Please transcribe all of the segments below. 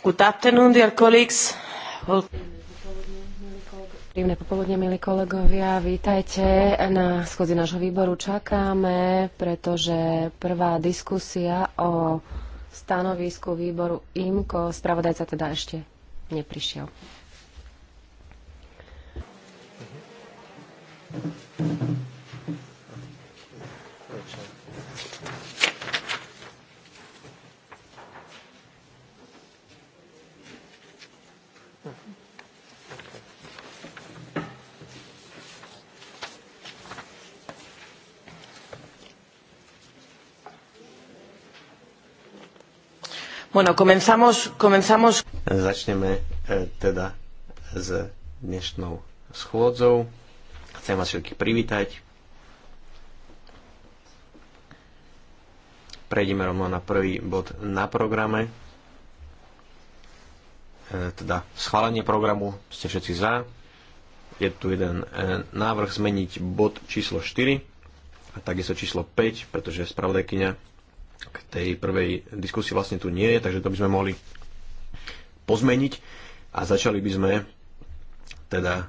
Good afternoon, dear colleagues. Príjemné popoludne, milí kolegovia, vítajte na schodzi nášho výboru. Čakáme, pretože prvá diskusia o stanovisku výboru IMKO, spravodajca teda ešte neprišiel. Bueno, comenzamos, comenzamos... Začneme e, teda s dnešnou schôdzou. Chcem vás všetkých privítať. Prejdeme rovno na prvý bod na programe. E, teda schválenie programu, ste všetci za. Je tu jeden e, návrh zmeniť bod číslo 4 a takisto číslo 5, pretože spravodajkyňa k tej prvej diskusii vlastne tu nie je, takže to by sme mohli pozmeniť a začali by sme teda e,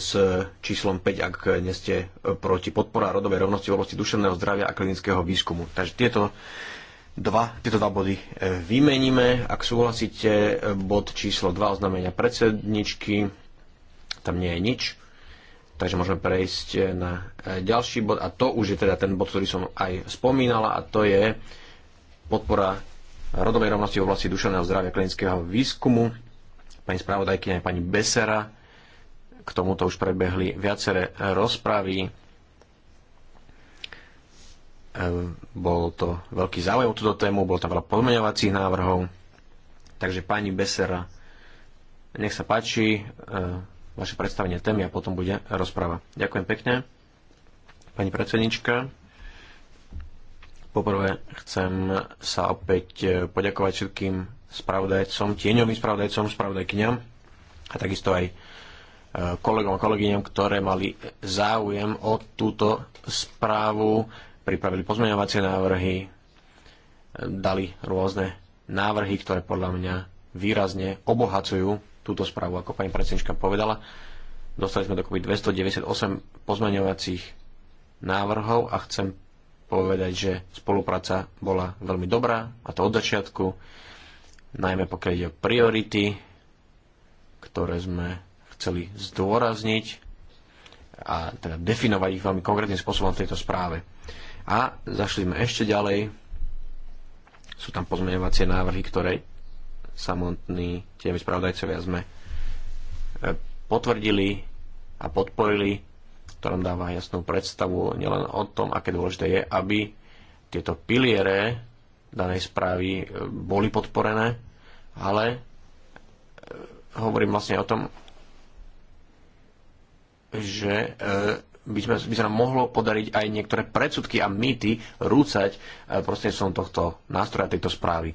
s číslom 5, ak nie ste proti podpora rodovej rovnosti v oblasti duševného zdravia a klinického výskumu. Takže tieto dva, tieto dva body e, vymeníme. Ak súhlasíte, e, bod číslo 2 oznámenia predsedničky, tam nie je nič. Takže môžeme prejsť e, na e, ďalší bod a to už je teda ten bod, ktorý som aj spomínala a to je podpora rodovej rovnosti v oblasti duševného zdravia klinického výskumu. Pani spravodajkyňa pani Besera, k tomuto už prebehli viaceré rozpravy. E, bol to veľký záujem o túto tému, bolo tam veľa podmeňovacích návrhov. Takže pani Besera, nech sa páči, vaše predstavenie témy a potom bude rozprava. Ďakujem pekne. Pani predsednička, poprvé chcem sa opäť poďakovať všetkým spravodajcom, tieňovým spravodajcom, spravodajkyňam a takisto aj e, kolegom a kolegyňam, ktoré mali záujem o túto správu, pripravili pozmeňovacie návrhy, e, dali rôzne návrhy, ktoré podľa mňa výrazne obohacujú túto správu. Ako pani predsednička povedala, dostali sme dokopy 298 pozmeňovacích návrhov a chcem povedať, že spolupráca bola veľmi dobrá, a to od začiatku, najmä pokiaľ ide o priority, ktoré sme chceli zdôrazniť a teda definovať ich veľmi konkrétnym spôsobom v tejto správe. A zašli sme ešte ďalej. Sú tam pozmeňovacie návrhy, ktoré samotní tie spravodajcovia sme e, potvrdili a podporili, to nám dáva jasnú predstavu nielen o tom, aké dôležité je, aby tieto piliere danej správy e, boli podporené, ale e, hovorím vlastne o tom, že by, sme, by sa nám mohlo podariť aj niektoré predsudky a mýty rúcať prostredníctvom tohto nástroja, tejto správy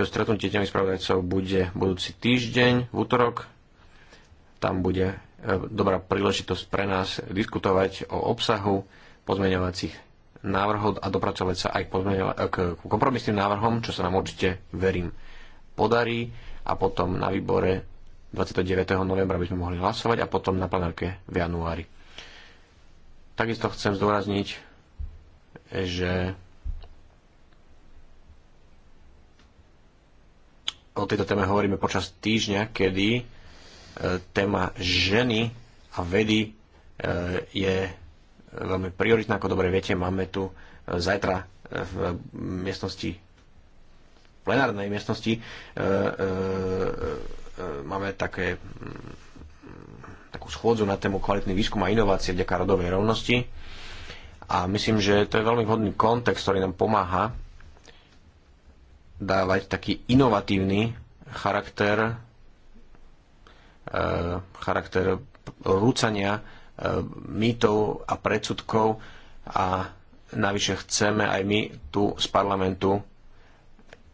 stretnutie tými spravodajcov bude budúci týždeň, v útorok. Tam bude e, dobrá príležitosť pre nás diskutovať o obsahu pozmeňovacích návrhov a dopracovať sa aj k, e, k kompromisným návrhom, čo sa nám určite, verím, podarí a potom na výbore 29. novembra by sme mohli hlasovať a potom na plenárke v januári. Takisto chcem zdôrazniť, že o tejto téme hovoríme počas týždňa, kedy e, téma ženy a vedy e, je veľmi prioritná. Ako dobre viete, máme tu e, zajtra e, v miestnosti v plenárnej miestnosti e, e, máme také takú schôdzu na tému kvalitný výskum a inovácie vďaka rodovej rovnosti a myslím, že to je veľmi vhodný kontext, ktorý nám pomáha dávať taký inovatívny charakter, e, charakter rúcania e, mýtov a predsudkov a navyše chceme aj my tu z parlamentu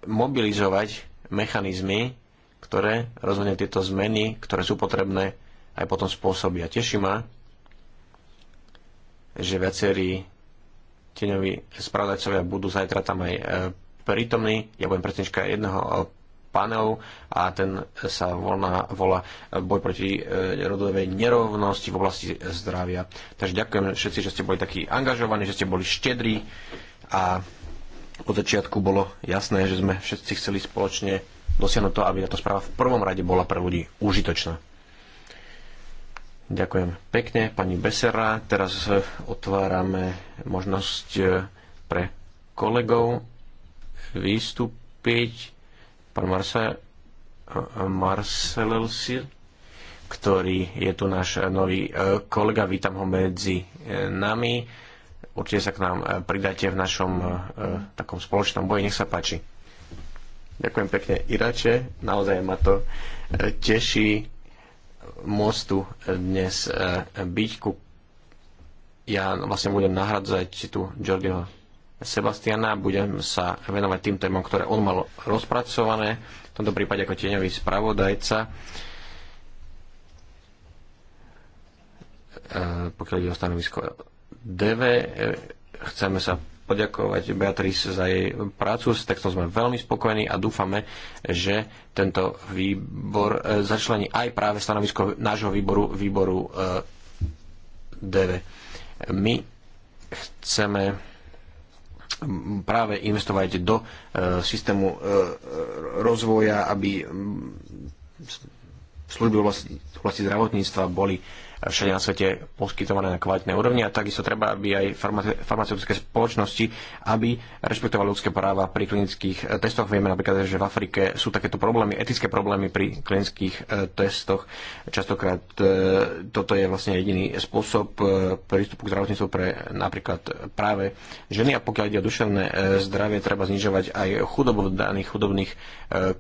mobilizovať mechanizmy, ktoré rozhodne tieto zmeny, ktoré sú potrebné, aj potom spôsobia. Teší ma, že viacerí teňoví spravodajcovia budú zajtra tam aj e, prítomný. Ja budem predsednička jedného eh, panelu a ten sa volá, volá eh, boj proti eh, rodovej nerovnosti v oblasti zdravia. Takže ďakujem všetci, že ste boli takí angažovaní, že ste boli štedrí a od začiatku bolo jasné, že sme všetci chceli spoločne dosiahnuť to, aby táto správa v prvom rade bola pre ľudí užitočná. Ďakujem pekne, pani Besera. Teraz otvárame možnosť pre kolegov vystúpiť pán Marcel Marcelelsi, ktorý je tu náš nový e, kolega. Vítam ho medzi e, nami. Určite sa k nám e, pridáte v našom takom spoločnom boji. Nech sa páči. Ďakujem pekne Irače, naozaj ma to teší mostu tu dnes byť. Ja vlastne budem nahradzať tu Jordiho Sebastiana. Budem sa venovať tým témom, ktoré on mal rozpracované, v tomto prípade ako tieňový spravodajca. E, pokiaľ ide o stanovisko DV, e, chceme sa poďakovať Beatrice za jej prácu. S textom sme veľmi spokojní a dúfame, že tento výbor e, začlení aj práve stanovisko nášho výboru, výboru DV. My chceme práve investovať do e, systému e, e, rozvoja, aby služby v oblasti zdravotníctva boli všade na svete poskytované na kvalitnej úrovni a takisto treba, aby aj farmace, farmaceutické spoločnosti, aby rešpektovali ľudské práva pri klinických eh, testoch. Vieme napríklad, že v Afrike sú takéto problémy, etické problémy pri klinických eh, testoch. Častokrát eh, toto je vlastne jediný spôsob prístupu k zdravotníctvu pre napríklad práve ženy a pokiaľ ide o duševné zdravie, treba znižovať aj chudobu v daných chudobných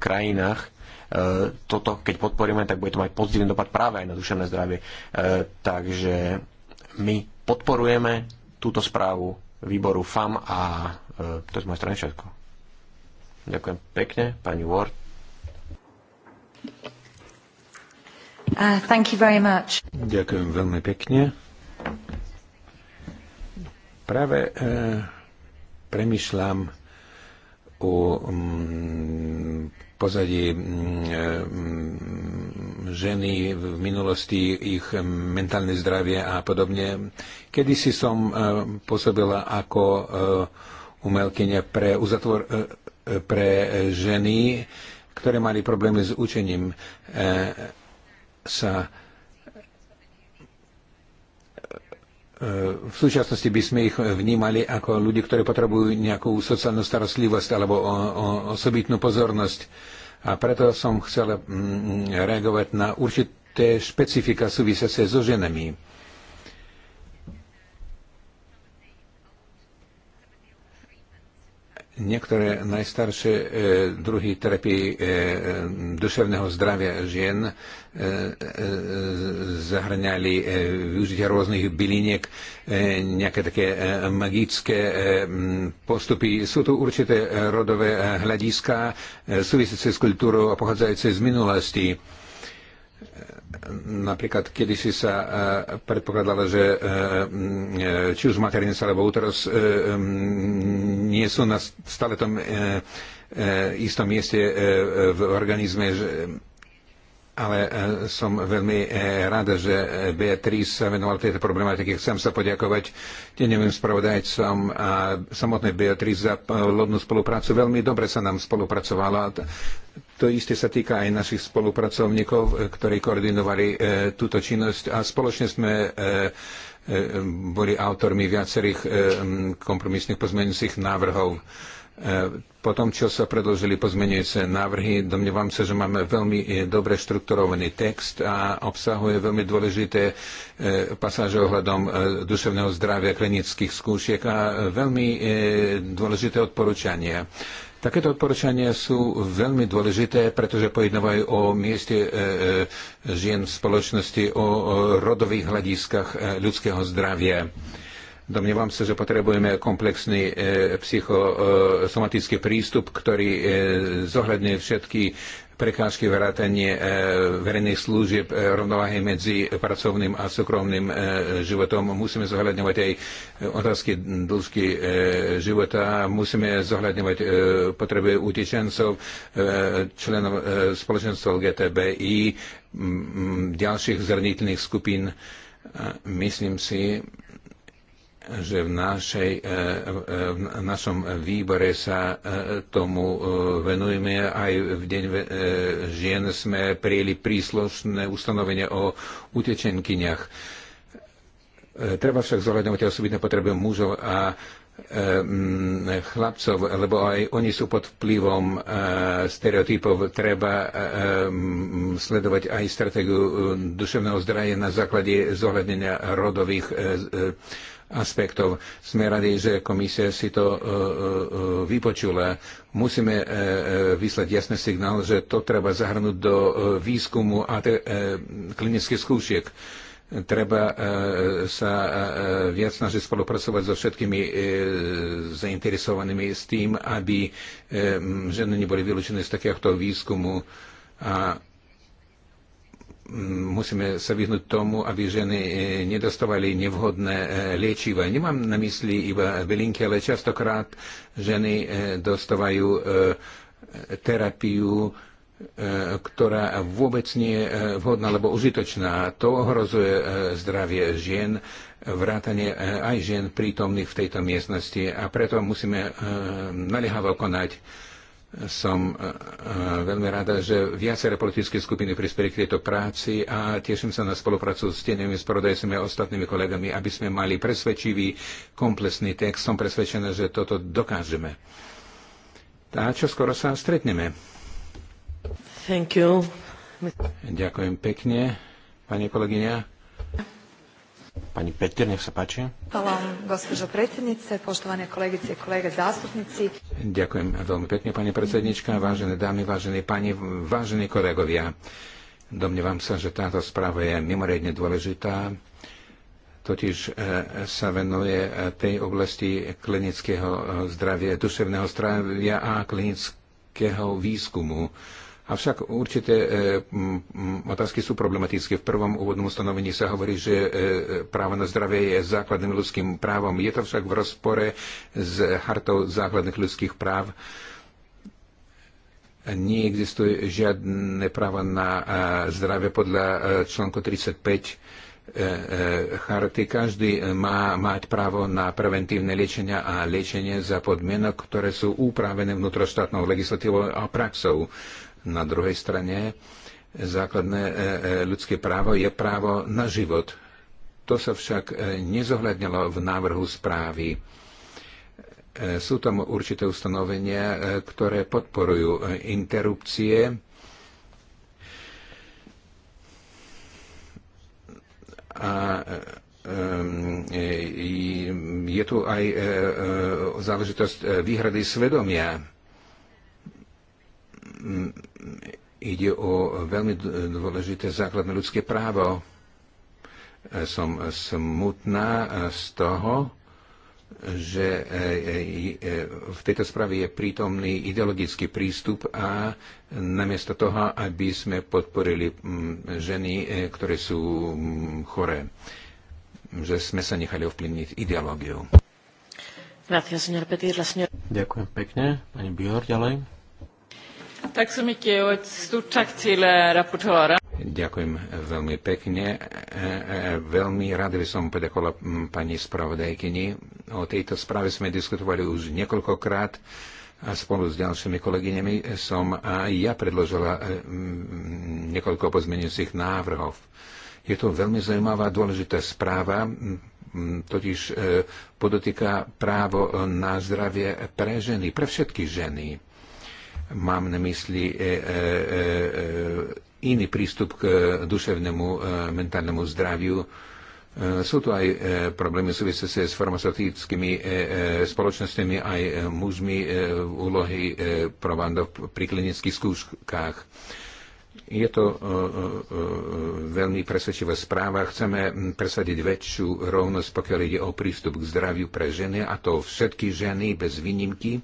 krajinách E, toto keď podporíme, tak bude to mať pozitívny dopad práve aj na duševné zdravie. E, takže my podporujeme túto správu výboru FAM a e, to je z mojej strany všetko. Ďakujem pekne, pani Ward. Uh, thank you very much. Ďakujem veľmi pekne. Práve e, premyšľam o mm, pozadí mm, mm, ženy v minulosti, ich mentálne zdravie a podobne. Kedy si som e, pôsobila ako e, umelkynia pre, uzatvor, e, pre ženy, ktoré mali problémy s učením sa v súčasnosti by sme ich vnímali ako ľudí, ktorí potrebujú nejakú sociálnu starostlivosť alebo o, o, osobitnú pozornosť. A preto som chcel mm, reagovať na určité špecifika súvisiace so ženami Niektoré najstaršie e, druhy terapii e, e, duševného zdravia žien zahrňali využitie rôznych byliniek, nejaké také magické postupy. Sú tu určité rodové hľadiska súvisiace s kultúrou a pochádzajúce z minulosti Napríklad, kedy si sa eh, predpokladalo, že eh, mm, či už materinca alebo úteros eh, mm, nie sú na stále tom istom mieste v organizme, že ale e, som veľmi e, rada, že e, Beatrice sa venovala tejto problematike. Chcem sa poďakovať tenevým spravodajcom a samotnej Beatrice za lodnú spoluprácu. Veľmi dobre sa nám spolupracovala. To isté sa týka aj našich spolupracovníkov, ktorí koordinovali túto činnosť a spoločne sme boli autormi viacerých kompromisných pozmeňujúcich návrhov. E, po tom, čo sa predložili pozmenujúce návrhy, domnievam sa, že máme veľmi e, dobre štrukturovaný text a obsahuje veľmi dôležité e, pasáže ohľadom duševného zdravia, klinických skúšiek a veľmi dôležité odporúčania. Takéto odporúčania sú veľmi dôležité, pretože pojednávajú o mieste žien v spoločnosti, o rodových hľadiskách ľudského zdravia. Domnievam sa, že potrebujeme komplexný e, psychosomatický prístup, ktorý e, zohľadne všetky prekážky vrátanie e, verejných služieb, e, rovnováhy medzi pracovným a súkromným e, životom. Musíme zohľadňovať aj otázky dĺžky e, života, musíme zohľadňovať e, potreby utečencov, e, členov e, spoločenstva LGTBI, m, m, ďalších zraniteľných skupín. Myslím si, že v, našej, e, e, v našom výbore sa e, tomu venujeme. Aj v Deň žien sme prijeli príslušné ustanovenie o utečenkyniach. Treba však zohľadňovať osobitné potreby mužov a chlapcov, lebo aj oni sú pod vplyvom stereotypov. Treba sledovať aj stratégiu duševného zdraje na základe zohľadnenia rodových aspektov. Sme radi, že komisia si to e, e, e, vypočula. Musíme vyslať jasný signál, že to treba zahrnúť do výskumu a klinických skúšiek treba sa viac snažiť spolupracovať so všetkými zainteresovanými s tým, aby ženy neboli vylúčené z takéhoto výskumu a musíme sa vyhnúť tomu, aby ženy e, nedostávali nevhodné e, liečivé. Nemám na mysli iba bylinky, ale častokrát ženy e, dostávajú terapiu, ktorá vôbec nie je vhodná alebo užitočná. To ohrozuje zdravie žien, vrátanie aj žien prítomných v tejto miestnosti a preto musíme naliehavo konať som e, e, veľmi rada, že viaceré politické skupiny prispeli k tejto práci a teším sa na spoluprácu s tenými spravodajcami a ostatnými kolegami, aby sme mali presvedčivý, komplexný text. Som presvedčená, že toto dokážeme. A čo skoro sa stretneme. Thank you. Ďakujem pekne, pani kolegyňa. Pani Petir, nech sa páči. Hvala vám, gospođo predsjednice, poštovane kolegice i kolege zastupnici. Ďakujem veľmi pekne, pani predsednička, vážené dámy, vážení pani, vážení kolegovia. Domnievam sa, že táto správa je mimoriadne dôležitá, totiž e, sa venuje e, tej oblasti klinického e, zdravia, duševného zdravia a klinického výskumu Avšak určité e, otázky sú problematické. V prvom úvodnom ustanovení sa hovorí, že e, právo na zdravie je základným ľudským právom. Je to však v rozpore s chartou základných ľudských práv. Neexistuje žiadne právo na e, zdravie podľa článku 35 charty. Každý má mať právo na preventívne liečenia a liečenie za podmienok, ktoré sú upravené vnútroštátnou legislatívou a praxou. Na druhej strane e, základné e, e, ľudské právo je právo na život. To sa však nezohľadnilo v návrhu správy. Sú tam určité ustanovenia, ktoré podporujú interrupcie, a je tu aj záležitosť výhrady svedomia Mm, ide o veľmi dôležité základné ľudské právo. E, som smutná e, z toho, že e, v tejto správe je prítomný ideologický prístup a namiesto toho, aby sme podporili mm, ženy, ktoré sú mm, choré, že sme sa nechali ovplyvniť ideológiou. Ďakujem pekne. Pani Bior, ďalej. Eh, Ďakujem veľmi pekne. E, e, e, veľmi rád by som poďakovala pani spravodajkyni. O tejto správe sme diskutovali už niekoľkokrát a spolu s ďalšími kolegyňami som aj ja predložila niekoľko pozmeňujúcich návrhov. Je to veľmi zaujímavá a dôležitá správa, totiž podotýka právo na zdravie pre ženy, pre všetky ženy Mám na mysli e, e, e, iný prístup k duševnému mentálnemu zdraviu. Sú tu aj problémy súvisiace s farmaceutickými spoločnosťami, aj mužmi v úlohy provandov pri klinických skúškach. Je to veľmi presvedčivá správa. Chceme presadiť väčšiu rovnosť, pokiaľ ide o prístup k zdraviu pre ženy, a to všetky ženy bez výnimky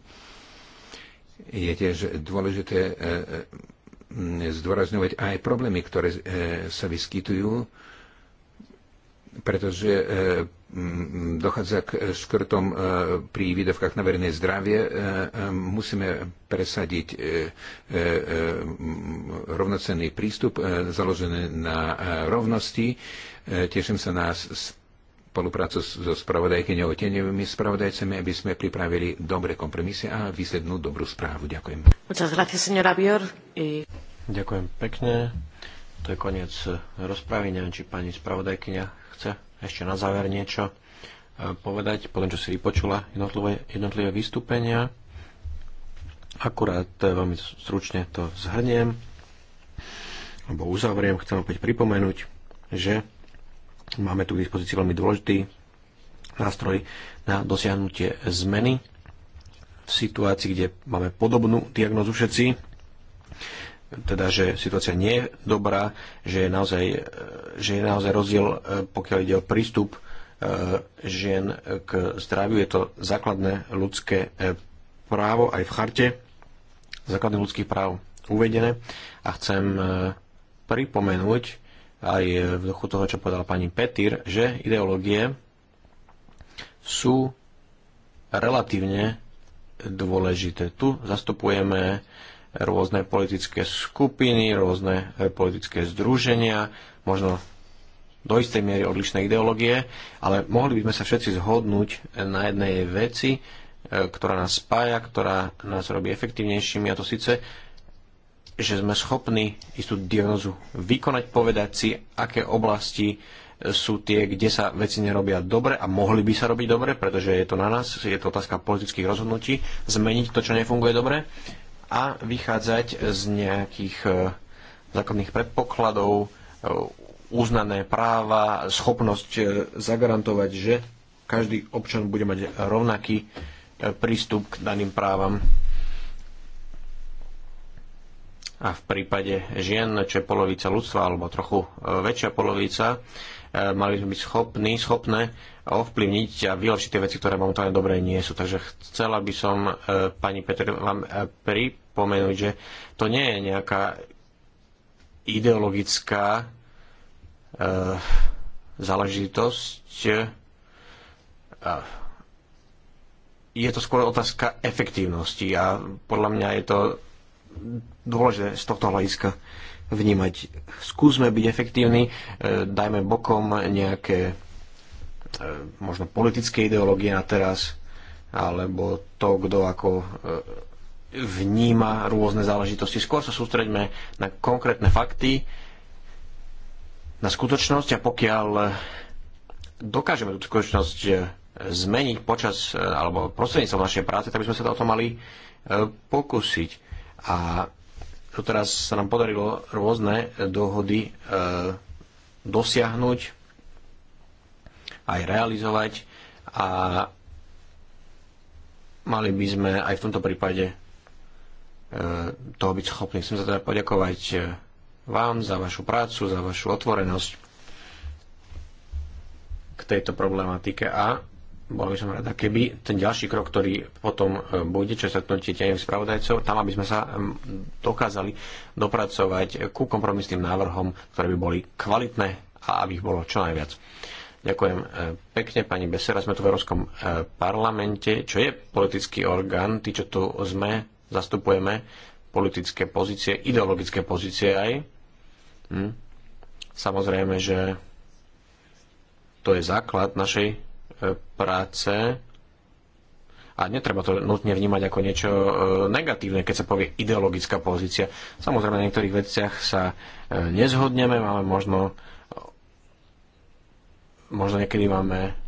je tiež dôležité e, e, zdôrazňovať aj problémy, ktoré e, sa vyskytujú, pretože dochádza k škrtom pri výdavkách na verejné zdravie. Musíme presadiť rovnocenný prístup založený na rovnosti. Teším sa na spoluprácu so spravodajkyňou tenevými spravodajcami, aby sme pripravili dobré kompromisy a výslednú dobrú správu. Ďakujem. Ďakujem pekne. To je koniec rozpravy. Neviem, či pani spravodajkyňa chce ešte na záver niečo e, povedať, potom čo si vypočula jednotlivé, jednotlivé vystúpenia. Akurát e, veľmi stručne to zhrniem, alebo uzavriem, chcem opäť pripomenúť, že Máme tu k dispozícii veľmi dôležitý nástroj na dosiahnutie zmeny v situácii, kde máme podobnú diagnozu všetci, teda, že situácia nie je dobrá, že je naozaj, že je naozaj rozdiel, e, pokiaľ ide o prístup e, žien k zdraviu. Je to základné ľudské e, právo aj v charte základných ľudských práv uvedené a chcem pripomenúť, aj v duchu toho, čo povedala pani Petir, že ideológie sú relatívne dôležité. Tu zastupujeme rôzne politické skupiny, rôzne e, politické združenia, možno do istej miery odlišné ideológie, ale mohli by sme sa všetci zhodnúť na jednej veci, e, ktorá nás spája, ktorá nás robí efektívnejšími, a to síce že sme schopní istú diagnozu vykonať, povedať si, aké oblasti sú tie, kde sa veci nerobia dobre a mohli by sa robiť dobre, pretože je to na nás, je to otázka politických rozhodnutí, zmeniť to, čo nefunguje dobre a vychádzať z nejakých e, základných predpokladov, e, uznané práva, schopnosť e, zagarantovať, že každý občan bude mať rovnaký prístup k daným právam a v prípade žien, čo je polovica ľudstva alebo trochu e, väčšia polovica, e, mali sme byť schopní, schopné ovplyvniť a vylepšiť tie veci, ktoré momentálne dobre nie sú. Takže chcela by som e, pani Petr vám pripomenúť, že to nie je nejaká ideologická záležitosť. Je to skôr otázka efektívnosti a podľa mňa je to dôležité z tohto hľadiska vnímať. Skúsme byť efektívni, e, dajme bokom nejaké e, možno politické ideológie na teraz, alebo to, kto ako e, vníma rôzne záležitosti. Skôr sa sústreďme na konkrétne fakty, na skutočnosť a pokiaľ dokážeme tú skutočnosť zmeniť počas alebo prostredníctvom našej práce, tak by sme sa to o to mali pokúsiť. A teraz sa nám podarilo rôzne dohody e, dosiahnuť, aj realizovať a mali by sme aj v tomto prípade e, toho byť schopní. Chcem sa teda poďakovať e, vám za vašu prácu, za vašu otvorenosť k tejto problematike a bol by som rada, keby ten ďalší krok, ktorý potom e, bude, čo sa tnúti tajných spravodajcov, tam aby sme sa dokázali dopracovať ku kompromisným návrhom, ktoré by boli kvalitné a aby ich bolo čo najviac. Ďakujem e, pekne, pani Besera. Sme tu v Európskom e, parlamente, čo je politický orgán. Tí, čo tu sme, zastupujeme politické pozície, ideologické pozície aj. Hm. Samozrejme, že to je základ našej E, práce. A netreba to nutne vnímať ako niečo e, negatívne, keď sa povie ideologická pozícia. Samozrejme, na niektorých veciach sa e, nezhodneme, máme možno, možno niekedy máme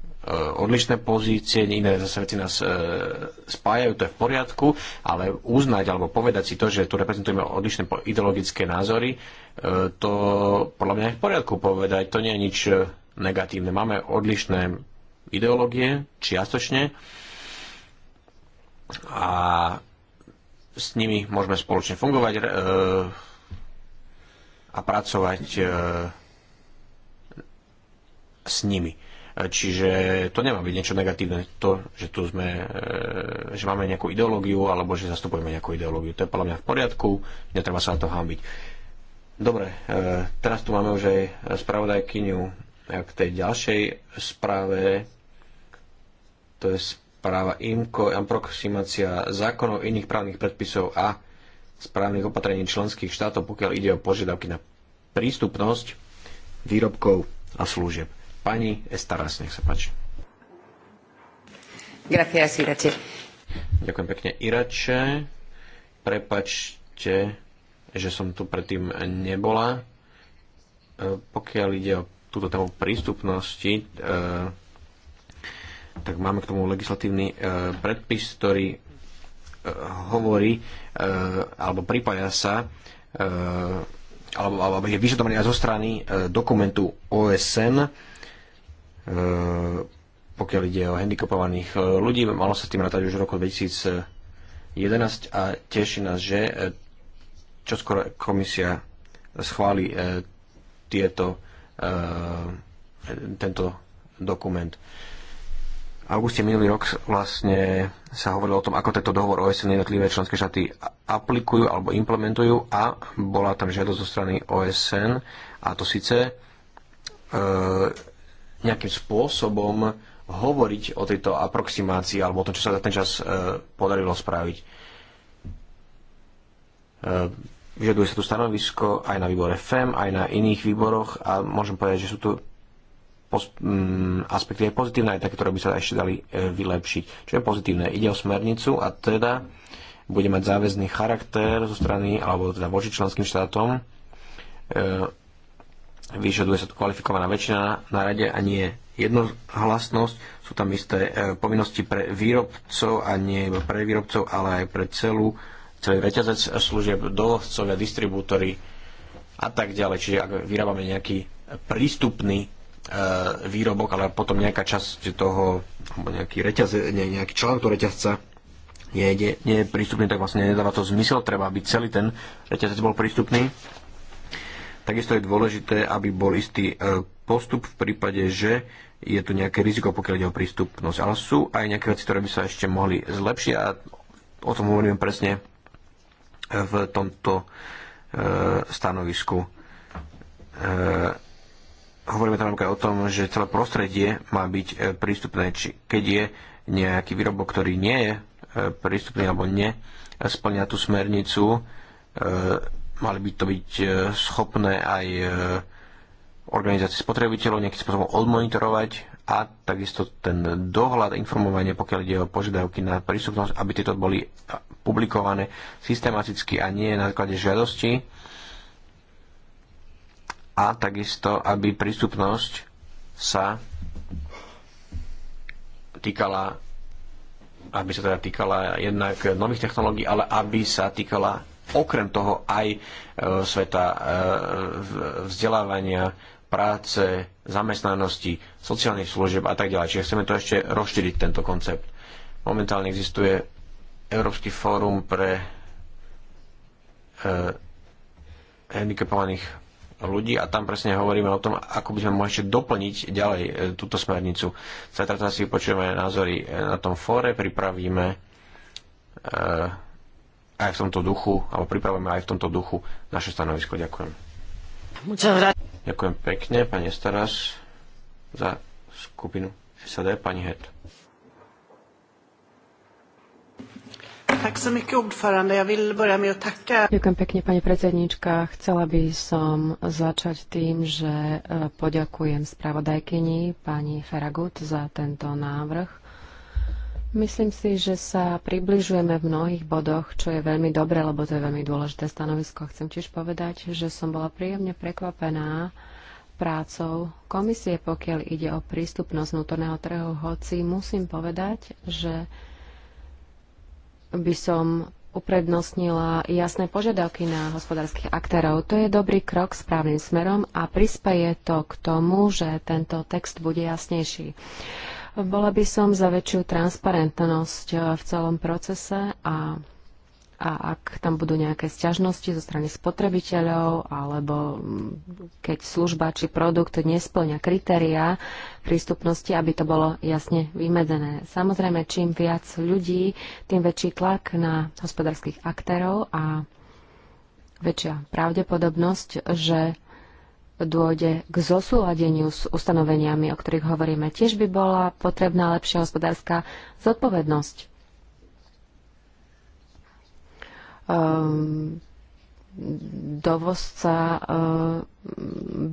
odlišné pozície, iné zase veci nás spájajú, to je v poriadku, ale uznať alebo povedať si to, že tu reprezentujeme odlišné ideologické názory, to podľa mňa je v poriadku povedať, to nie je nič negatívne. Máme odlišné ideológie, čiastočne. A s nimi môžeme spoločne fungovať e, a pracovať e, s nimi. E, čiže to nemá byť niečo negatívne, to, že tu sme, e, že máme nejakú ideológiu, alebo že zastupujeme nejakú ideológiu. To je podľa mňa v poriadku, netreba sa na to hambiť. Dobre, e, teraz tu máme už aj spravodajkyňu k tej ďalšej správe, to je správa IMCO, aproximácia zákonov iných právnych predpisov a správnych opatrení členských štátov, pokiaľ ide o požiadavky na prístupnosť výrobkov a služieb. Pani Estaras, nech sa páči. Gracias, Irače. Ďakujem pekne, Irače. Prepačte, že som tu predtým nebola. E, pokiaľ ide o túto tému prístupnosti, e, tak máme k tomu legislatívny e, predpis, ktorý e, hovorí alebo pripája sa alebo, alebo je vyžadovaný aj zo strany dokumentu OSN pokiaľ ide o handicapovaných ľudí. Malo sa tým rátať už v roku 2011 a teší nás, že čoskoro komisia schváli tieto Eh, tento dokument. V auguste minulý rok vlastne sa hovorilo o tom, ako tento dohovor OSN jednotlivé členské štáty aplikujú alebo implementujú a bola tam žiadosť zo strany OSN a to síce e, nejakým spôsobom hovoriť o tejto aproximácii alebo o tom, čo sa za ten čas e, podarilo spraviť. E, Vyžaduje sa tu stanovisko aj na výbore FEM, aj na iných výboroch a môžem povedať, že sú tu mm, aspekty aj pozitívne, aj také, ktoré by sa ešte dali e, vylepšiť. Čo je pozitívne? Ide o smernicu a teda bude mať záväzný charakter zo strany, alebo teda voči členským štátom. E, vyžaduje sa tu kvalifikovaná väčšina na rade a nie jednohlasnosť. Sú tam isté e, povinnosti pre výrobcov a nie iba pre výrobcov, ale aj pre celú celý reťazec služieb, dovozcovia, distribútory a tak ďalej. Čiže ak vyrábame nejaký prístupný e, výrobok, ale potom nejaká časť toho, alebo nejaký, reťaze, ne, nejaký článok toho reťazca nie, nie, nie je prístupný, tak vlastne nedáva to zmysel. Treba, aby celý ten reťazec bol prístupný. Takisto je dôležité, aby bol istý e, postup v prípade, že je tu nejaké riziko, pokiaľ ide o prístupnosť. Ale sú aj nejaké veci, ktoré by sa ešte mohli zlepšiť a o tom hovorím presne v tomto e, stanovisku. E, hovoríme tam napríklad o tom, že celé prostredie má byť e, prístupné. Či keď je nejaký výrobok, ktorý nie je prístupný alebo nie, splňa tú smernicu, mali by to byť schopné aj organizácie spotrebiteľov nejakým spôsobom odmonitorovať a takisto ten dohľad, informovanie, pokiaľ ide o požiadavky na prístupnosť, aby tieto boli publikované systematicky a nie na základe žiadosti a takisto, aby prístupnosť sa týkala aby sa teda týkala jednak nových technológií, ale aby sa týkala okrem toho aj e, sveta e, vzdelávania, práce, zamestnanosti, sociálnych služieb a tak ďalej. Čiže chceme to ešte rozšíriť, tento koncept. Momentálne existuje Európsky fórum pre eh, handicapovaných ľudí a tam presne hovoríme o tom, ako by sme mohli ešte doplniť ďalej e, túto smernicu. Zajtra si počujeme názory e, na tom fóre, pripravíme eh, aj v tomto duchu, alebo pripravíme aj v tomto duchu naše stanovisko. Ďakujem. Ďakujem pekne, pani Staras, za skupinu SAD, pani Het. Ďakujem pekne, pani predsedníčka. Chcela by som začať tým, že e, poďakujem spravodajkyni pani Feragut za tento návrh Myslím si, že sa približujeme v mnohých bodoch, čo je veľmi dobré, lebo to je veľmi dôležité stanovisko. Chcem tiež povedať, že som bola príjemne prekvapená prácou komisie, pokiaľ ide o prístupnosť vnútorného trhu, hoci musím povedať, že by som uprednostnila jasné požiadavky na hospodárskych aktérov. To je dobrý krok správnym smerom a prispeje to k tomu, že tento text bude jasnejší. Bola by som za väčšiu transparentnosť eh, v celom procese a, a ak tam budú nejaké sťažnosti zo strany spotrebiteľov alebo mm, keď služba či produkt nesplňa kritéria prístupnosti, aby to bolo jasne vymedzené. Samozrejme, čím viac ľudí, tým väčší tlak na hospodárskych aktérov a väčšia pravdepodobnosť, že dôjde k zosúladeniu s ustanoveniami, o ktorých hovoríme. Tiež by bola potrebná lepšia hospodárska zodpovednosť. Um, dovozca eh,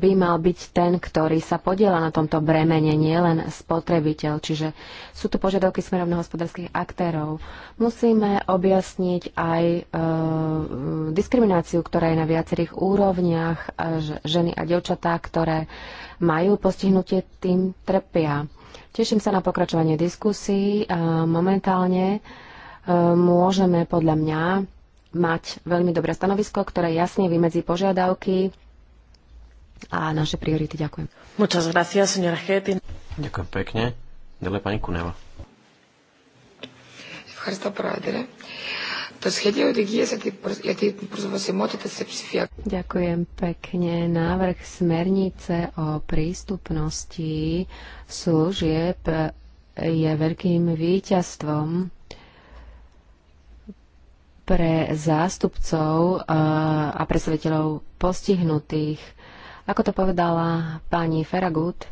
by mal byť ten, ktorý sa podiela na tomto bremene, nie len spotrebiteľ. Čiže sú tu požiadavky smerom na hospodárskych aktérov. Musíme objasniť aj eh, diskrimináciu, ktorá je na viacerých úrovniach. Ženy a devčatá, ktoré majú postihnutie, tým trpia. Teším sa na pokračovanie diskusí. Eh, momentálne môžeme podľa mňa mať veľmi dobré stanovisko, ktoré jasne vymedzí požiadavky a naše priority. Ďakujem. Muchas gracias, señora Hetin. Ďakujem pekne. Ďalej pani Kuneva. Ďakujem pekne. Návrh smernice o prístupnosti služieb je veľkým víťazstvom pre zástupcov eh, a predstaviteľov postihnutých. Ako to povedala pani Feragut, eh,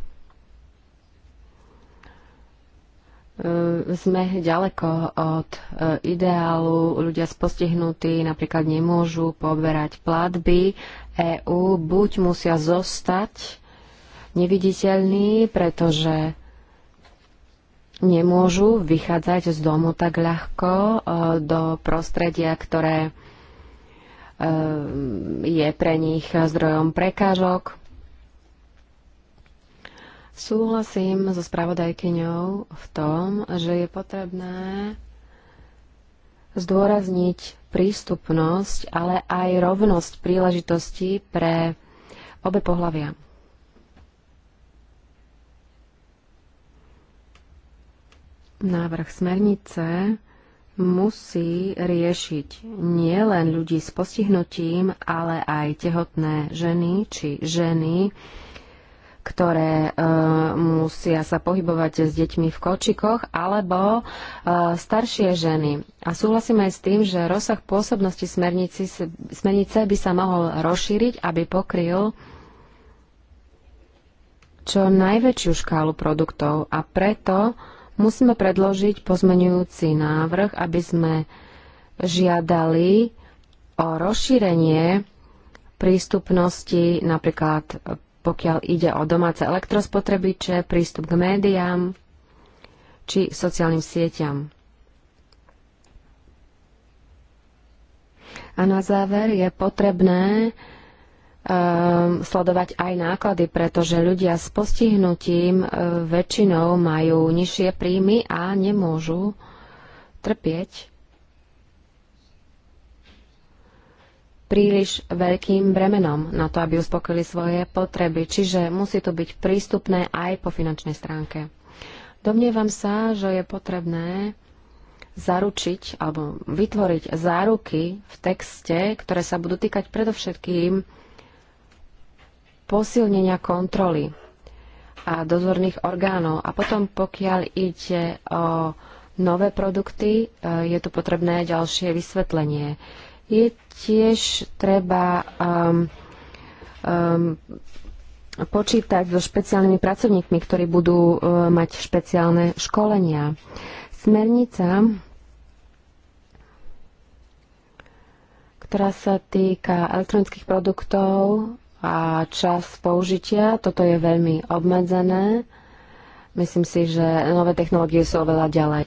sme ďaleko od eh, ideálu. Ľudia z postihnutí napríklad nemôžu poberať platby. EÚ buď musia zostať neviditeľní, pretože nemôžu vychádzať z domu tak ľahko e, do prostredia, ktoré e, je pre nich zdrojom prekážok. Súhlasím so spravodajkyňou v tom, že je potrebné zdôrazniť prístupnosť, ale aj rovnosť príležitostí pre obe pohľavia. Návrh smernice musí riešiť nielen ľudí s postihnutím, ale aj tehotné ženy či ženy, ktoré e, musia sa pohybovať s deťmi v kočikoch, alebo e, staršie ženy. A súhlasím aj s tým, že rozsah pôsobnosti smernici, smernice by sa mohol rozšíriť, aby pokryl čo najväčšiu škálu produktov. A preto e, musíme predložiť pozmenujúci návrh, aby sme žiadali o rozšírenie prístupnosti napríklad pokiaľ ide o domáce elektrospotrebiče, prístup k médiám či sociálnym sieťam. A na záver je potrebné um, sledovať aj náklady, pretože ľudia s postihnutím e, väčšinou majú nižšie príjmy a nemôžu trpieť príliš veľkým bremenom na to, aby uspokojili svoje potreby. Čiže musí to byť prístupné aj po finančnej stránke. Domnievam sa, že je potrebné zaručiť alebo vytvoriť záruky v texte, ktoré sa budú týkať predovšetkým posilnenia kontroly a dozorných orgánov. A potom, pokiaľ ide o nové produkty, e, je tu potrebné ďalšie vysvetlenie. Je tiež treba um, um, počítať so špeciálnymi pracovníkmi, ktorí budú um, mať špeciálne školenia. Smernica, ktorá sa týka elektronických produktov, a čas použitia. Toto je veľmi obmedzené. Myslím si, že nové technológie sú oveľa ďalej.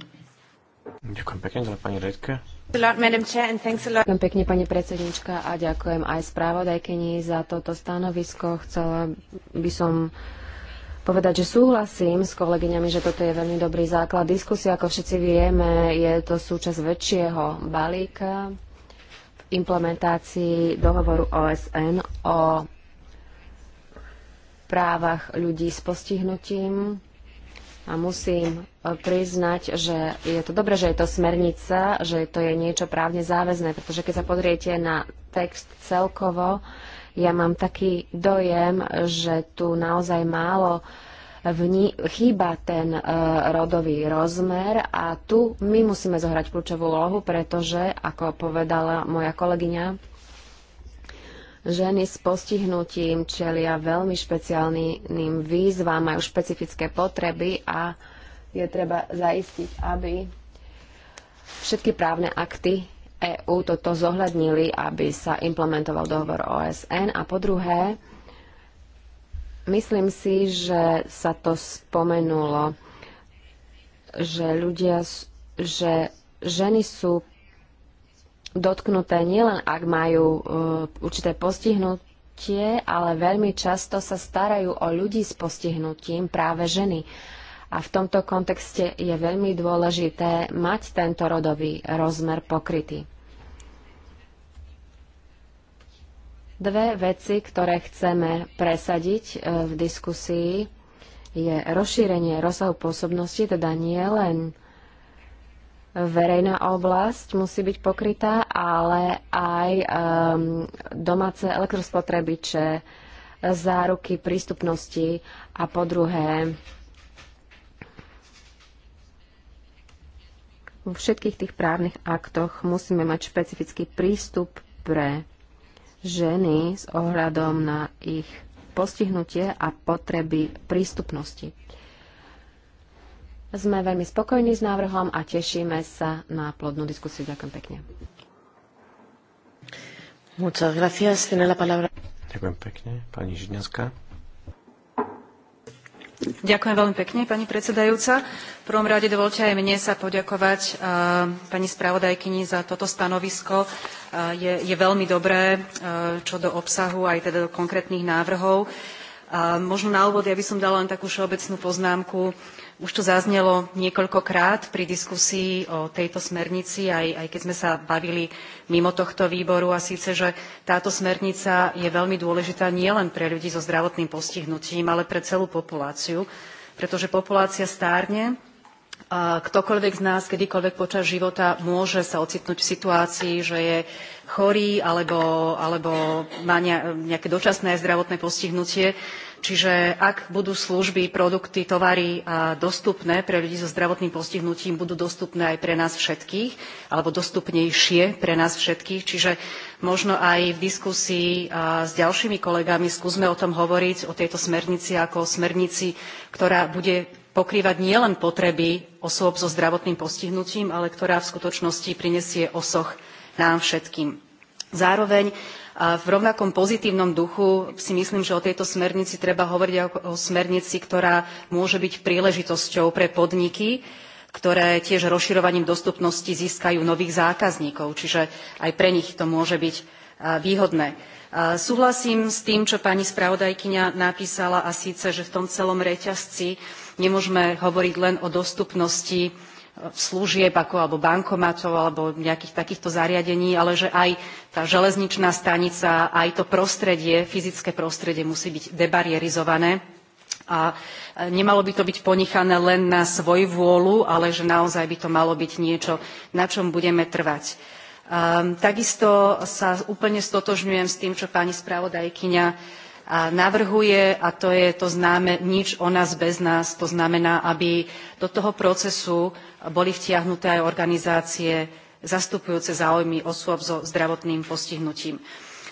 Ďakujem pekne, za pani Redke. Ďakujem pekne, pani predsednička, a ďakujem aj správodajkeni za toto stanovisko. Chcela by som povedať, že súhlasím s kolegyňami, že toto je veľmi dobrý základ diskusie. Ako všetci vieme, je to súčasť väčšieho balíka v implementácii dohovoru OSN o právach ľudí s postihnutím. A musím e, priznať, že je to dobré, že je to smernica, že to je niečo právne záväzné, pretože keď sa podriete na text celkovo, ja mám taký dojem, že tu naozaj málo vní, chýba ten e, rodový rozmer a tu my musíme zohrať kľúčovú úlohu, pretože, ako povedala moja kolegyňa, Ženy s postihnutím čelia veľmi špeciálnym výzvam, majú špecifické potreby a je treba zaistiť, aby všetky právne akty EÚ toto zohľadnili, aby sa implementoval dohovor OSN. A po druhé, myslím si, že sa to spomenulo, že ľudia, že ženy sú dotknuté nielen ak majú uh, určité postihnutie, ale veľmi často sa starajú o ľudí s postihnutím, práve ženy. A v tomto kontexte je veľmi dôležité mať tento rodový rozmer pokrytý. Dve veci, ktoré chceme presadiť e, v diskusii, je rozšírenie rozsahu pôsobnosti, teda nie len verejná oblasť musí byť pokrytá, ale aj um, domáce elektrospotrebiče, záruky prístupnosti a po druhé vo všetkých tých právnych aktoch musíme mať špecifický prístup pre ženy s ohľadom na ich postihnutie a potreby prístupnosti. Sme veľmi spokojní s návrhom a tešíme sa na plodnú diskusiu. Ďakujem pekne. Ďakujem pekne. Pani Židňanská. Ďakujem veľmi pekne, pani predsedajúca. V prvom rade dovolte aj mne sa poďakovať eh, pani spravodajkyni za toto stanovisko. Eh, je, je veľmi dobré eh, čo do obsahu, aj teda do konkrétnych návrhov. Možno na úvod ja by som dala len takú všeobecnú poznámku už tu zaznelo niekoľkokrát pri diskusii o tejto smernici, aj, aj keď sme sa bavili mimo tohto výboru, a síce, že táto smernica je veľmi dôležitá nielen pre ľudí so zdravotným postihnutím, ale pre celú populáciu, pretože populácia stárne ktokoľvek z nás kedykoľvek počas života môže sa ocitnúť v situácii, že je chorý alebo, alebo má nejaké dočasné zdravotné postihnutie, Čiže ak budú služby, produkty, tovary dostupné pre ľudí so zdravotným postihnutím, budú dostupné aj pre nás všetkých, alebo dostupnejšie pre nás všetkých. Čiže možno aj v diskusii s ďalšími kolegami skúsme o tom hovoriť, o tejto smernici ako o smernici, ktorá bude pokrývať nielen potreby osôb so zdravotným postihnutím, ale ktorá v skutočnosti prinesie osoch nám všetkým. Zároveň a v rovnakom pozitívnom duchu si myslím, že o tejto smernici treba hovoriť ako o smernici, ktorá môže byť príležitosťou pre podniky, ktoré tiež rozširovaním dostupnosti získajú nových zákazníkov, čiže aj pre nich to môže byť e, výhodné. E, súhlasím s tým, čo pani spravodajkyňa napísala a síce, že v tom celom reťazci nemôžeme hovoriť len o dostupnosti služieb ako, alebo bankomatov alebo nejakých takýchto zariadení, ale že aj tá železničná stanica, aj to prostredie, fyzické prostredie musí byť debarierizované a e, nemalo by to byť ponechané len na svoju vôľu, ale že naozaj by to malo byť niečo, na čom budeme trvať. Um, takisto sa úplne stotožňujem s tým, čo pani spravodajkyňa a navrhuje, a to je to známe nič o nás bez nás, to znamená, aby do toho procesu boli vtiahnuté aj organizácie zastupujúce záujmy osôb so zdravotným postihnutím.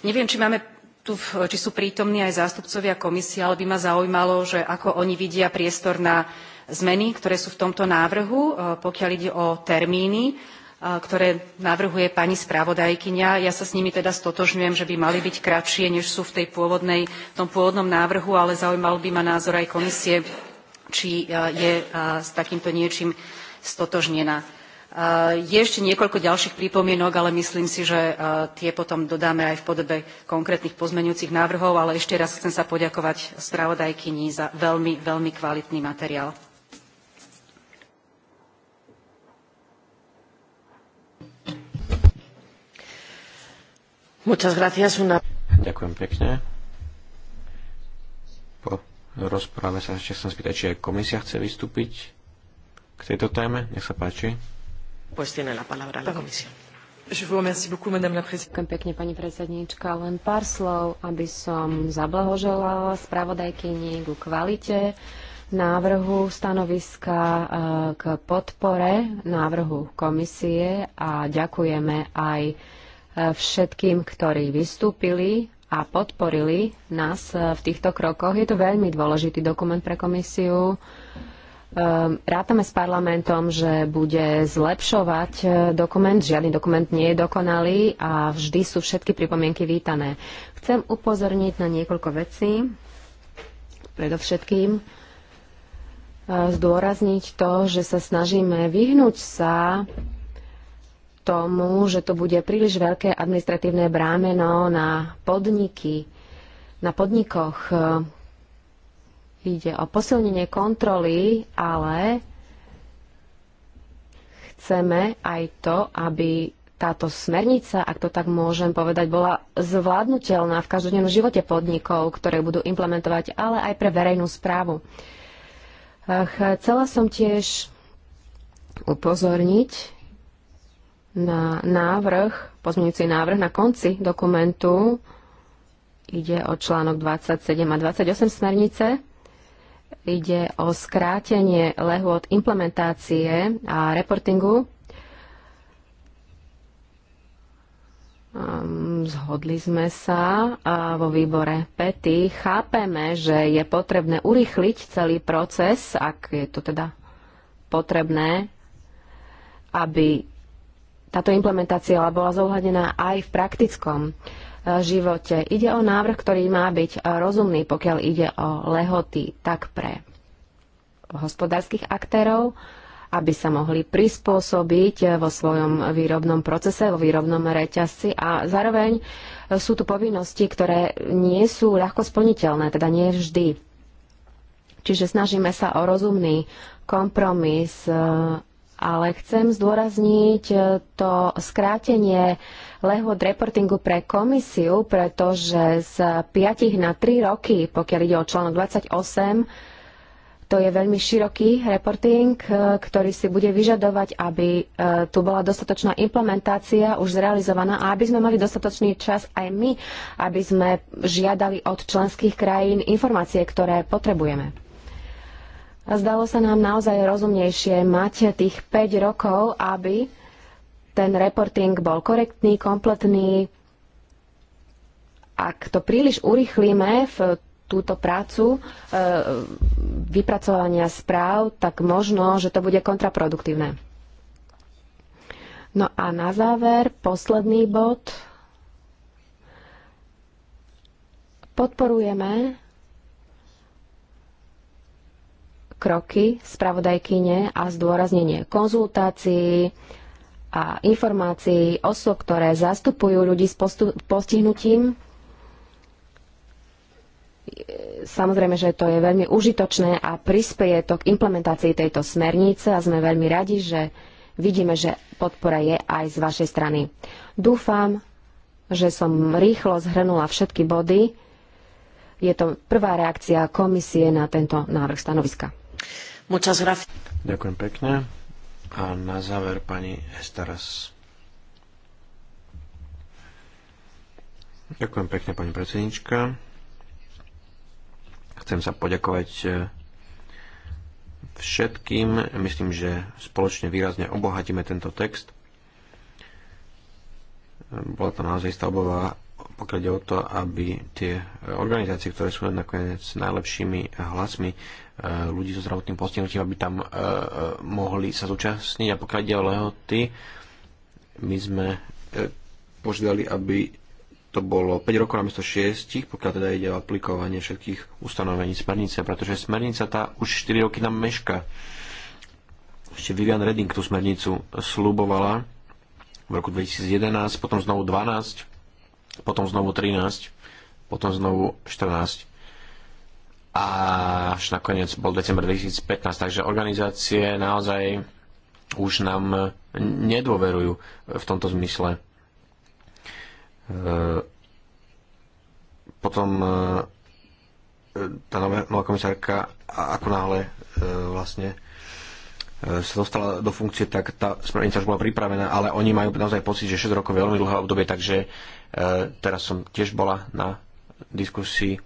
Neviem, či máme tu, či sú prítomní aj zástupcovia komisie, ale by ma zaujímalo, že ako oni vidia priestor na zmeny, ktoré sú v tomto návrhu, e, pokiaľ ide o termíny ktoré navrhuje pani spravodajkyňa. Ja sa s nimi teda stotožňujem, že by mali byť kratšie, než sú v tej pôvodnej, v tom pôvodnom návrhu, ale zaujímal by ma názor aj komisie, či je s takýmto niečím stotožnená. Je ešte niekoľko ďalších pripomienok, ale myslím si, že tie potom dodáme aj v podobe konkrétnych pozmeňujúcich návrhov, ale ešte raz chcem sa poďakovať spravodajkyni za veľmi, veľmi kvalitný materiál. Ďakujem pekne. Po rozpráve sa ešte chcem spýtať, či aj komisia chce vystúpiť k tejto téme. Nech sa páči. Pues tiene la palabra la comisión. Ďakujem pekne, pani predsedníčka. Len pár slov, aby som zablahoželala spravodajkyni ku kvalite návrhu stanoviska e, k podpore návrhu komisie a ďakujeme aj všetkým, ktorí vystúpili a podporili nás e, v týchto krokoch. Je to veľmi dôležitý dokument pre komisiu. E, Rátame s parlamentom, že bude zlepšovať e, dokument. Žiadny dokument nie je dokonalý a vždy sú všetky pripomienky vítané. Chcem upozorniť na niekoľko vecí. Predovšetkým zdôrazniť to, že sa snažíme vyhnúť sa tomu, že to bude príliš veľké administratívne brámeno na podniky, na podnikoch. Ide o posilnenie kontroly, ale chceme aj to, aby táto smernica, ak to tak môžem povedať, bola zvládnutelná v každodennom živote podnikov, ktoré budú implementovať, ale aj pre verejnú správu. Chcela som tiež upozorniť na návrh, pozmeňujúci návrh na konci dokumentu. Ide o článok 27 a 28 smernice. Ide o skrátenie lehôd implementácie a reportingu. Ehm, zhodli sme sa a vo výbore pety Chápeme, že je potrebné urýchliť celý proces, ak je to teda potrebné, aby táto implementácia bola zohľadená aj v praktickom e, živote. Ide o návrh, ktorý má byť rozumný, pokiaľ ide o lehoty tak pre hospodárskych aktérov, aby sa mohli prispôsobiť e, vo svojom výrobnom procese, vo výrobnom reťazci a zároveň e, sú tu povinnosti, ktoré nie sú ľahko splniteľné, teda nie vždy. Čiže snažíme sa o rozumný kompromis ale chcem zdôrazniť e, to skrátenie lehot reportingu pre komisiu, pretože z 5 na 3 roky, pokiaľ ide o článok 28, to je veľmi široký reporting, e, ktorý si bude vyžadovať, aby e, tu bola dostatočná implementácia už zrealizovaná a aby sme mali dostatočný čas aj my, aby sme žiadali od členských krajín informácie, ktoré potrebujeme. Zdalo sa nám naozaj rozumnejšie mať tých 5 rokov, aby ten reporting bol korektný, kompletný. Ak to príliš urychlíme v túto prácu e, vypracovania správ, tak možno, že to bude kontraproduktívne. No a na záver posledný bod. Podporujeme kroky spravodajkyne a zdôraznenie konzultácií a informácií osôb, ktoré zastupujú ľudí s postihnutím. Samozrejme, že to je veľmi užitočné a prispieje to k implementácii tejto smernice a sme veľmi radi, že vidíme, že podpora je aj z vašej strany. Dúfam, že som rýchlo zhrnula všetky body. Je to prvá reakcia komisie na tento návrh stanoviska. Ďakujem pekne. A na záver pani Estaras. Ďakujem pekne, pani predsednička. Chcem sa poďakovať eh, všetkým. Myslím, že spoločne výrazne obohatíme tento text. Bola to naozaj istá obava, pokiaľ ide o to, aby tie organizácie, ktoré sú nakoniec najlepšími hlasmi Eh, ľudí so zdravotným postihnutím, aby tam eh, eh, mohli sa zúčastniť. A pokiaľ ide o lehoty, my sme požiadali, aby to bolo 5 rokov namiesto 6, pokiaľ teda ide o aplikovanie všetkých ustanovení smernice, pretože smernica tá už 4 roky nám meška. Ešte Vivian Redding tú smernicu slubovala v roku 2011, potom znovu 12, potom znovu 13, potom znovu 14 až nakoniec bol december 2015. Takže organizácie naozaj už nám nedôverujú v tomto zmysle. E, potom e, tá nová komisárka, ako náhle e, vlastne sa dostala do funkcie, tak tá smernica už bola pripravená, ale oni majú naozaj pocit, že 6 rokov je veľmi dlhé obdobie, takže teraz som tiež bola na diskusii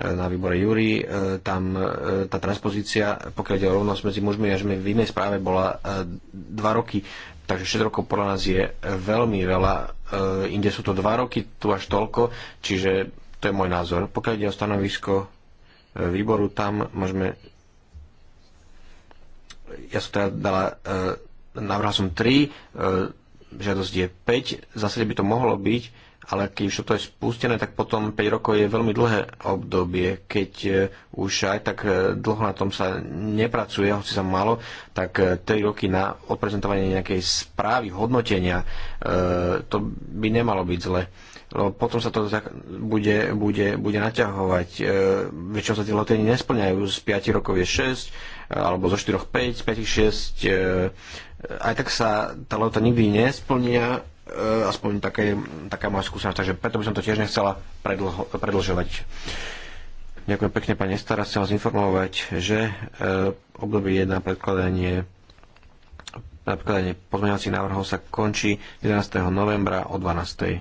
na výbore Júri. E, tam e, tá transpozícia, pokiaľ ide o rovnosť medzi mužmi a ženami v inej správe, bola 2 e, roky. Takže 6 rokov podľa nás je veľmi veľa. Inde sú to 2 roky, tu až toľko. Čiže to je môj názor. Pokiaľ ide o stanovisko výboru, tam môžeme... Ja som teda dala... Navrhal som 3 žiadosť je 5, v zásade by to mohlo byť, ale keď už toto je spustené, tak potom 5 rokov je veľmi dlhé obdobie. Keď e, už aj tak e, dlho na tom sa nepracuje, hoci sa malo, tak 3 e, roky na odprezentovanie nejakej správy, hodnotenia, to by nemalo byť zle. Lebo potom sa to bude, bude, bude naťahovať. E, väčšinou sa tie lotény nesplňajú. Z 5 rokov je 6, alebo zo 4 5, z 5 6, aj tak sa tá lota nikdy nesplnia, e, aspoň také, taká moja skúsenosť, takže preto by som to tiež nechcela predlho, predlžovať. Ďakujem pekne, pani stara chcem vás informovať, že e, obdobie na predkladanie predkladanie pozmeňovacích návrhov sa končí 11. novembra o 12.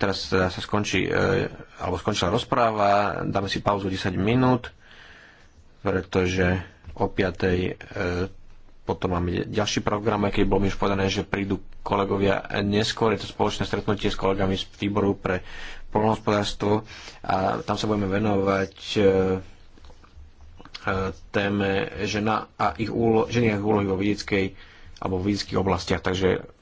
Teraz teda sa skončí, e, alebo skončila rozpráva, dáme si pauzu 10 minút, pretože o 5. E, potom máme ďalší program, aký keď bolo mi už povedané, že prídu kolegovia neskôr. Je to spoločné stretnutie s kolegami z výboru pre polnohospodárstvo a tam sa budeme venovať e, e, téme žena a ich úlo- ženy a ich úlohy vo vidieckej alebo v vidieckých oblastiach. Takže